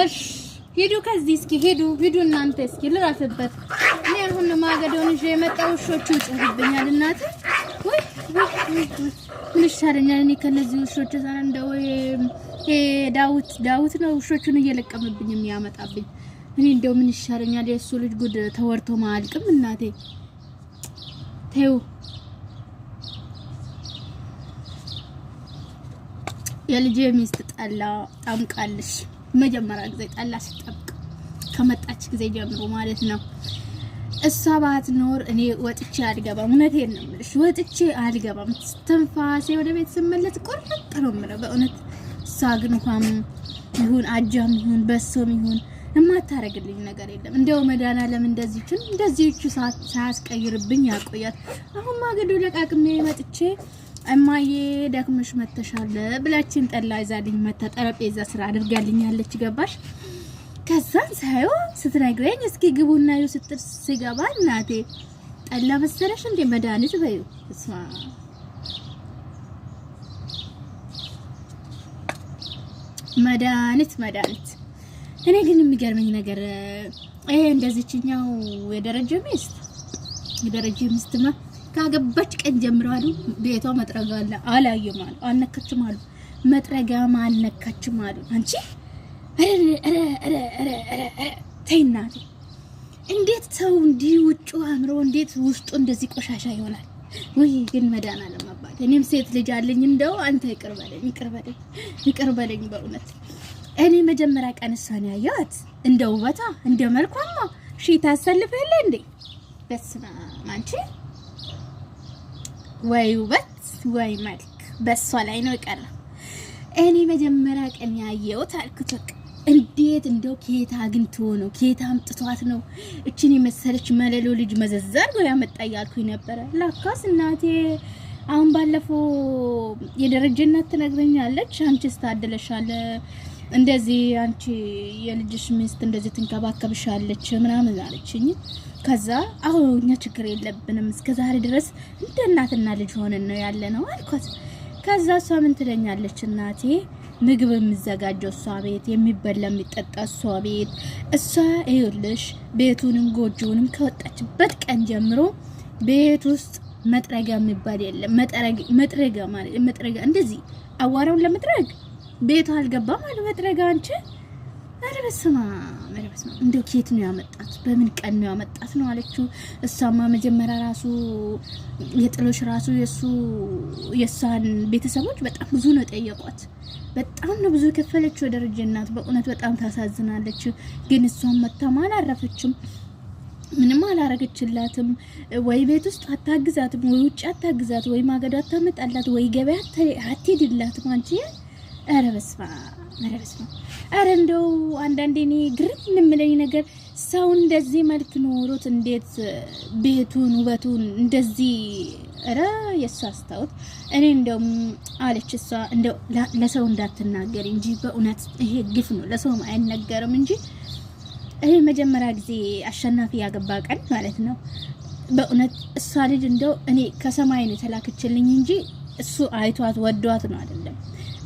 እሺ ሂዱ ከዚህ እስኪ ሂዱ ሂዱ እናንተ እስኪ ልረፍበት። እኔ አሁን ማገዶን ይዤ የመጣው ውሾቹ ይጮህብኛል። እናት ወይ ምን ይሻለኛል እኔ ከነዚህ ውሾች ዘና እንደው ይሄ ዳዊት ዳዊት ነው ውሾቹን እየለቀመብኝ የሚያመጣብኝ። እኔ እንደው ምን ይሻለኛል? የእሱ ልጅ ጉድ ተወርቶ ማልቅም እናቴ ተይው የልጄ ሚስት ጠላ ጣምቃለሽ መጀመሪያ ጊዜ ጠላ ስጠብቅ ከመጣች ጊዜ ጀምሮ ማለት ነው። እሷ ባትኖር እኔ ወጥቼ አልገባም። እውነቴን ነው የምልሽ፣ ወጥቼ አልገባም። ትንፋሴ ወደ ቤት ስመለስ ቁርጥ ነው የምለው በእውነት። እሷ ግን ውሃም ይሁን አጃም ይሁን በሶም ይሁን የማታረግልኝ ነገር የለም። እንደው መድኃኒዓለም እንደዚችን እንደዚህቹ ሳያስቀይርብኝ ያቆያት። አሁን ማገዶ ለቃቅሜ መጥቼ እማዬ ደክመሽ መተሻለ ብላችን ጠላ ይዛልኝ መታ ጠረጴዛ ስራ አድርጋልኛለች። ገባሽ? ከዛን ሳየው ስትነግረኝ እስኪ ግቡና ዩ ስትል ስገባ እናቴ ጠላ መሰለሽ እንዴ መድኃኒት በዩ እስማ መድኃኒት መድኃኒት። እኔ ግን የሚገርመኝ ነገር ይሄ እንደዚችኛው የደረጀ ሚስት የደረጀ ካገባች ቀን ጀምሮ አሉ ቤቷ መጥረጋ አለ አላየም አሉ አልነካችም አሉ መጥረጋም አልነካችም አሉ። አንቺ ተይ እንዴት ሰው እንዲህ ውጭ አምሮ እንዴት ውስጡ እንደዚህ ቆሻሻ ይሆናል? ወይ ግን መዳና ለማባት እኔም ሴት ልጅ አለኝ። እንደው አንተ ይቅር በለኝ፣ ይቅር በለኝ፣ ይቅር በለኝ። በእውነት እኔ መጀመሪያ ቀን እሷን ያየኋት እንደ ውበቷ እንደ መልኳማ ሺህ ታሰልፈለ እንዴ! በስመ አብ አንቺ ወይ ውበት ወይ መልክ በእሷ ላይ ነው የቀረ። እኔ መጀመሪያ ቀን ያየሁት አልኩት በቃ እንዴት እንደው ኬታ አግኝቶ ነው ኬታ አምጥቷት ነው እችን የመሰለች መለሎ ልጅ መዘዛር ነው ያመጣ እያልኩኝ ነበረ። ላካስ እናቴ አሁን ባለፈው የደረጀነት እናት ትነግረኛለች አንቺስ ታደለሻለ እንደዚህ አንቺ የልጅሽ ሚስት እንደዚህ ትንከባከብሻለች ምናምን አለችኝ። ከዛ አሁ እኛ ችግር የለብንም እስከ ዛሬ ድረስ እንደ እናትና ልጅ ሆነን ነው ያለ ነው አልኳት። ከዛ እሷ ምን ትለኛለች እናቴ ምግብ የሚዘጋጀው እሷ ቤት፣ የሚበላ የሚጠጣ እሷ ቤት። እሷ ይኸውልሽ ቤቱንም ጎጆውንም ከወጣችበት ቀን ጀምሮ ቤት ውስጥ መጥረጊያ የሚባል የለም። መጥረጊያ ማለት መጥረጊያ እንደዚህ አዋራውን ለመጥረግ ቤቷ አልገባም አለ መጥረጋ አንቺ ኧረ በስመ እንደው ኬት ነው ያመጣት በምን ቀን ነው ያመጣት ነው አለችው እሷማ መጀመሪያ ራሱ የጥሎሽ ራሱ የእሱ የእሷን ቤተሰቦች በጣም ብዙ ነው ጠየቋት በጣም ነው ብዙ የከፈለችው የደረጀ እናት በእውነት በጣም ታሳዝናለች ግን እሷን መታማ አላረፈችም ምንም አላረገችላትም። ወይ ቤት ውስጥ አታግዛትም፣ ወይ ውጭ አታግዛት፣ ወይ ማገዶ አታመጣላት፣ ወይ ገበያ አትሄድላትም አንቺ ኧረ በስመ አብ ኧረ በስመ አብ ኧረ እንደው አንዳንዴ እኔ ግርም የምለኝ ነገር ሰው እንደዚህ መልክ ኖሮት እንዴት ቤቱን ውበቱን እንደዚህ ኧረ የእሷ አስታውት እኔ እንደውም አለች እሷ እንደው ለሰው እንዳትናገር እንጂ በእውነት ይሄ ግፍ ነው ለሰውም አይነገርም እንጂ ይሄ መጀመሪያ ጊዜ አሸናፊ ያገባ ቀን ማለት ነው በእውነት እሷ ልጅ እንደው እኔ ከሰማይ ነው የተላከችልኝ እንጂ እሱ አይቷት ወዷት ነው አይደለም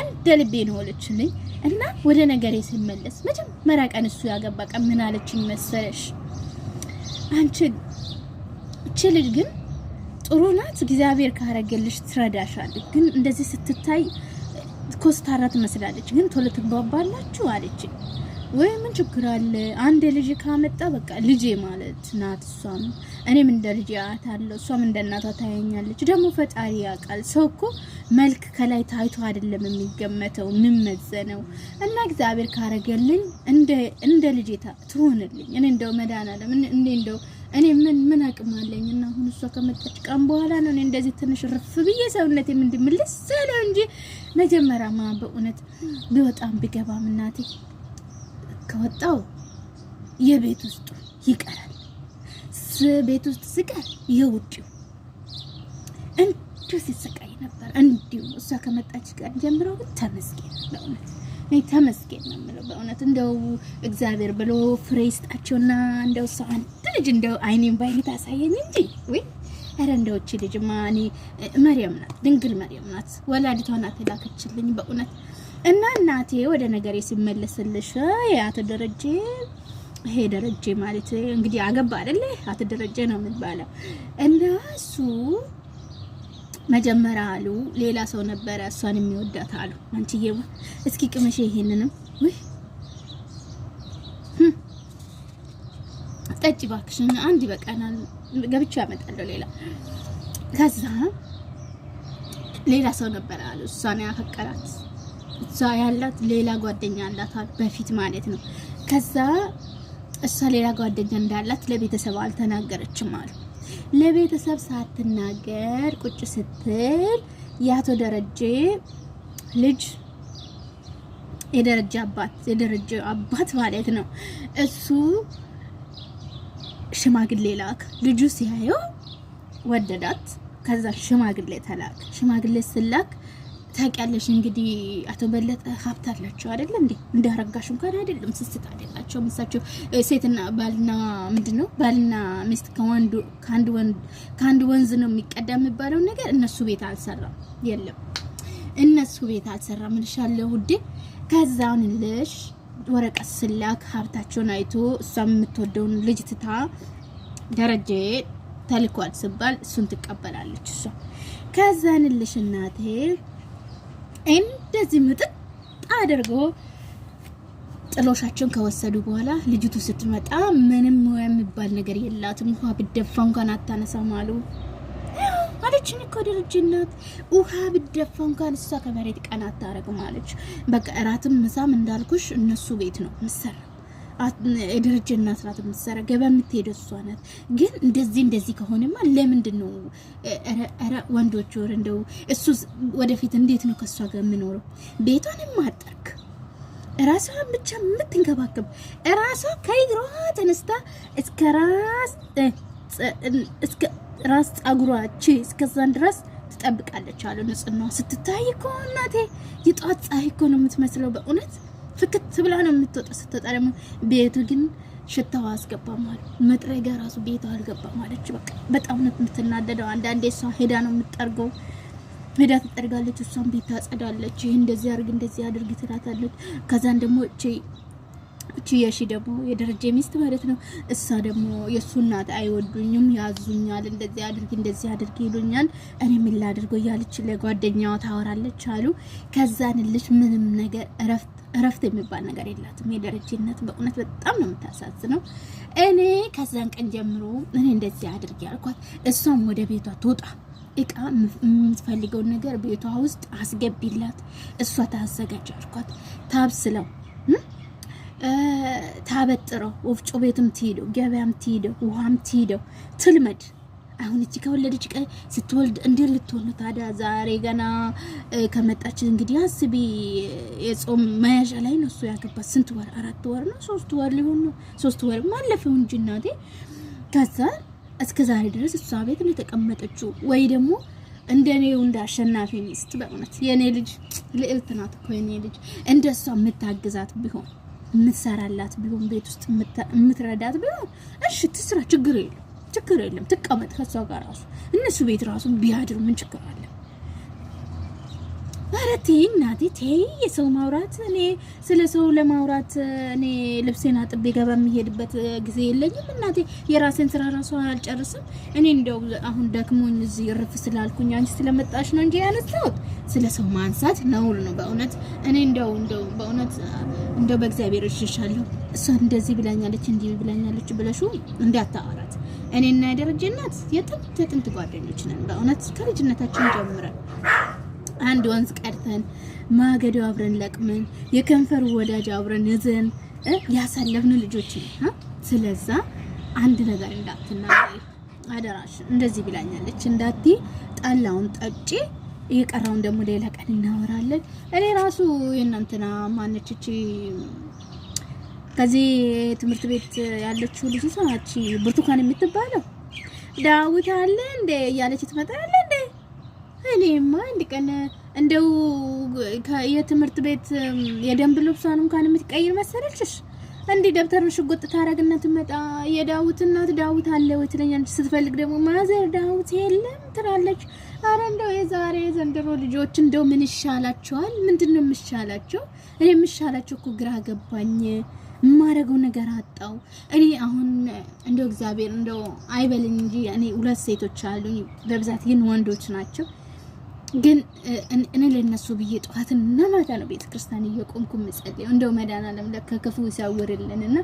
እንደ ልቤ ነው አለችልኝ። እና ወደ ነገሬ ሲመለስ መጀመሪያ ቀን እሱ ያገባ ቀን ምን አለችኝ መሰለሽ? አንቺ እቺ ልጅ ግን ጥሩ ናት፣ እግዚአብሔር ካረገልሽ ትረዳሻለች። ግን እንደዚህ ስትታይ ኮስታራ ትመስላለች፣ ግን ቶሎ ትግባባላችሁ አለችኝ። ወይ ምን ችግር አለ? አንድ ልጅ ካመጣ በቃ ልጄ ማለት ናት። እሷም እኔም እንደ ልጄ አያታለሁ፣ እሷም እንደ እናቷ ታያኛለች። ደግሞ ፈጣሪ ያውቃል። ሰው እኮ መልክ ከላይ ታይቶ አይደለም የሚገመተው የሚመዘነው። እና እግዚአብሔር ካረገልኝ እንደ ልጄ ትሆንልኝ። እኔ እንደው መድኃኒዓለም እኔ እንደው እኔ ምን ምን አቅም አለኝ? እና አሁን እሷ ከመጣች ቀን በኋላ ነው እኔ እንደዚህ ትንሽ ርፍ ብዬ ሰውነቴም እንዲመለስ ያለው እንጂ መጀመሪያማ በእውነት ቢወጣም ቢገባም እናቴ ከወጣው የቤት ውስጡ ይቀራል። ቤት ውስጥ ስቀር የውጭው እንዲሁ ሲሰቃይ ነበር። እንዲሁ እሷ ከመጣች ጋር ጀምሮ ተመስገን በእውነት እኔ ተመስገን ነው የምለው በእውነት እንደው እግዚአብሔር ብሎ ፍሬ ይስጣቸውና እንደው ሰው አንድ ልጅ እንደው አይኔን ባይኔ ታሳየኝ እንጂ ወይ ኧረ እንደው እቺ ልጅማ እኔ መርያም ናት፣ ድንግል መርያም ናት፣ ወላዲቷ ናት የላከችልኝ በእውነት እና እናቴ ወደ ነገሬ ሲመለስልሽ አቶ ደረጀ ይሄ ደረጀ ማለት እንግዲህ አገባ አይደለ? አቶ ደረጀ ነው የምንባለው። እና እሱ መጀመሪያ አሉ ሌላ ሰው ነበረ እሷን የሚወዳት አሉ። አንቺዬ እስኪ ቅመሽ ይሄንንም ወይ ጠጭ ባክሽን፣ አንድ ይበቃናል። ገብቼ ያመጣለሁ ሌላ። ከዛ ሌላ ሰው ነበረ አሉ እሷን ያፈቀራት እዛ ያላት ሌላ ጓደኛ አላት በፊት ማለት ነው። ከዛ እሷ ሌላ ጓደኛ እንዳላት ለቤተሰብ አልተናገረችም አሉ። ለቤተሰብ ሳትናገር ቁጭ ስትል የአቶ ደረጀ ልጅ የደረጀ አባት የደረጀ አባት ማለት ነው እሱ ሽማግሌ ላክ። ልጁ ሲያየው ወደዳት። ከዛ ሽማግሌ ተላክ። ሽማግሌ ስላክ ታውቂያለሽ እንግዲህ አቶ በለጠ ሀብት አላቸው አይደለም እንዴ? እንዳረጋሽ እንኳን አይደለም ስስት አይደላቸው ምሳቸው ሴትና ባልና ምንድን ነው ባልና ሚስት ከአንድ ወንዝ ነው የሚቀዳ የሚባለው ነገር እነሱ ቤት አልሰራም። የለም እነሱ ቤት አልሰራም እልሻለሁ ውዴ። ከዛውን ልሽ ወረቀት ስላክ ሀብታቸውን አይቶ እሷ የምትወደውን ልጅ ትታ ደረጀ ተልኳል ስባል እሱን ትቀበላለች እሷ ከዛንልሽ እናቴ እንደዚህ ምጥጥ አድርጎ ጥሎሻቸውን ከወሰዱ በኋላ ልጅቱ ስትመጣ ምንም የሚባል ነገር የላትም። ውሃ ብደፋ እንኳን አታነሳም አሉ አለችን እኮ ድርጅ እናት ውሃ ብደፋ እንኳን እሷ ከመሬት ቀን አታረግም አለች። በቃ እራትም ምሳም እንዳልኩሽ እነሱ ቤት ነው ምሰራ የደረጀ እናት ናት የምትሰራ ገበያ የምትሄደ እሷ ናት። ግን እንደዚህ እንደዚህ ከሆነማ ለምንድን ነው ረ ወንዶች ወር እንደው እሱ ወደፊት እንዴት ነው ከእሷ ጋር የምኖረው? ቤቷን የማጠርክ ራሷን ብቻ የምትንከባከብ ራሷ ከእግሯ ተነስታ እስከ ራስ እስከ ራስ ጸጉሯች እስከዛን ድረስ ትጠብቃለች አሉ። ንጽህና ስትታይ እኮ እናቴ የጧት ፀሐይ እኮ ነው የምትመስለው በእውነት ፍክት ብላ ነው የምትወጣ። ስትወጣ ደግሞ ቤቱ ግን ሽታዋ አስገባም አሉ። መጥረጊያ ራሱ ቤቷ አልገባም አለች። በቃ በጣም ነው የምትናደደው። አንዳንዴ እሷ ሄዳ ነው የምትጠርገው። ሄዳ ትጠርጋለች፣ እሷም ቤት ታጸዳለች። ይህ እንደዚህ አድርግ እንደዚህ አድርግ ትላታለች። ከዛን ደግሞ እቺ እችያሺ ደግሞ የደረጀ ሚስት ማለት ነው። እሷ ደግሞ የእሱ እናት አይወዱኝም፣ ያዙኛል፣ እንደዚህ አድርግ እንደዚህ አድርግ ይሉኛል፣ እኔ ምን ላድርገው እያለች ለጓደኛዋ ታወራለች አሉ። ከዛን ልጅ ምንም ነገር እረፍት እረፍት የሚባል ነገር የላትም። የደረጀነት በእውነት በጣም ነው የምታሳዝነው። እኔ ከዛን ቀን ጀምሮ እኔ እንደዚህ አድርግ ያልኳት እሷም ወደ ቤቷ ትውጣ እቃ የምትፈልገውን ነገር ቤቷ ውስጥ አስገቢላት፣ እሷ ታዘጋጅ አልኳት ታብስለው ታበጥረው፣ ወፍጮ ቤትም ትሄደው፣ ገበያም ትሄደው፣ ውሃም ትሄደው ትልመድ። አሁን እቺ ከወለደች ቀን ስትወልድ እንዴት ልትሆን ታዲያ? ዛሬ ገና ከመጣች እንግዲህ አስቢ፣ የጾም መያዣ ላይ ነው እሱ ያገባት። ስንት ወር? አራት ወር ነው ሶስት ወር ሊሆን ነው ሶስት ወር ማለፈው እንጂ እናቴ። ከዛ እስከ ዛሬ ድረስ እሷ ቤት ነው የተቀመጠችው። ወይ ደግሞ እንደኔው እንደ አሸናፊ ሚስት በእውነት የኔ ልጅ ልዕልት ናት እኮ የኔ ልጅ የምታግዛት ቢሆን የምትሰራላት ቢሆን ቤት ውስጥ የምትረዳት ቢሆን እሺ ትስራ፣ ችግር የለም ችግር የለም። ትቀመጥ ከሷ ጋር ራሱ እነሱ ቤት ራሱ ቢያድሩ ምን ችግር አለ? ኧረ ተይ እናቴ ተይ፣ የሰው ማውራት። እኔ ስለ ሰው ለማውራት እኔ ልብሴን አጥቤ ገባ የሚሄድበት ጊዜ የለኝም እናቴ። የራሴን ስራ ራሱ አልጨርስም። እኔ እንደው አሁን ደክሞኝ እዚህ እርፍ ስላልኩኝ አንቺ ስለመጣሽ ነው እንጂ ያነሳሁት ስለ ሰው ማንሳት ነውል ነው በእውነት። እኔ እንደው እንደው በእውነት እንደው በእግዚአብሔር እሽሻለሁ። እሷ እንደዚህ ብላኛለች እንዲህ ብላኛለች ብለሽ እንዳታወራት። እኔና የደረጀ እናት የጥንት የጥንት ጓደኞች ነን በእውነት ከልጅነታችን ጀምረን አንድ ወንዝ ቀድተን ማገዶ አብረን ለቅመን የከንፈር ወዳጅ አብረን እዝን ያሳለፍን ልጆች ነው። ስለዛ አንድ ነገር እንዳትናገሪ አደራሽ። እንደዚህ ብላኛለች እንዳቲ ጠላውን ጠጪ፣ የቀረውን ደግሞ ሌላ ቀን እናወራለን። እኔ ራሱ የእናንተና ማነችቺ ከዚህ ትምህርት ቤት ያለችው ልጅ ሰማች፣ ብርቱካን የምትባለው ዳዊት አለ እንዴ እያለች ትመጣለች እንዴ እኔማ አንድ እንደው የትምህርት ቤት የደንብ ልብሷን እንኳን የምትቀይር መሰለችሽ? እንዲህ ደብተር ሽጉጥ ታረግና ትመጣ። የዳዊት እናት ዳዊት አለ ወይ ትለኛለች። ስትፈልግ ደግሞ ማዘር ዳዊት የለም ትላለች። አረ እንደው የዛሬ ዘንድሮ ልጆች እንደው ምን ይሻላቸዋል? ምንድን ነው የምሻላቸው? እኔ የምሻላቸው እኮ ግራ ገባኝ። የማረገው ነገር አጣው። እኔ አሁን እንደው እግዚአብሔር እንደው አይበልኝ እንጂ እኔ ሁለት ሴቶች አሉኝ፣ በብዛት ግን ወንዶች ናቸው ግን እኔ ለነሱ ብዬ ጠዋትን እና ማታ ነው ቤተ ክርስቲያን እየቆምኩ የምጸልየው። እንደው መድኃኒዓለም ከክፉ ሲያውርልን እና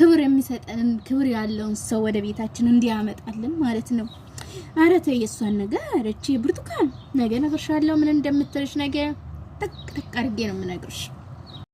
ክብር የሚሰጠንን ክብር ያለውን ሰው ወደ ቤታችን እንዲያመጣልን ማለት ነው። ኧረ ተይ የእሷን ነገር አረቼ ብርቱካን፣ ነገ እነግርሻለሁ ምን እንደምትልሽ። ነገ ጠቅ ጠቅ አድርጌ ነው የምነግርሽ።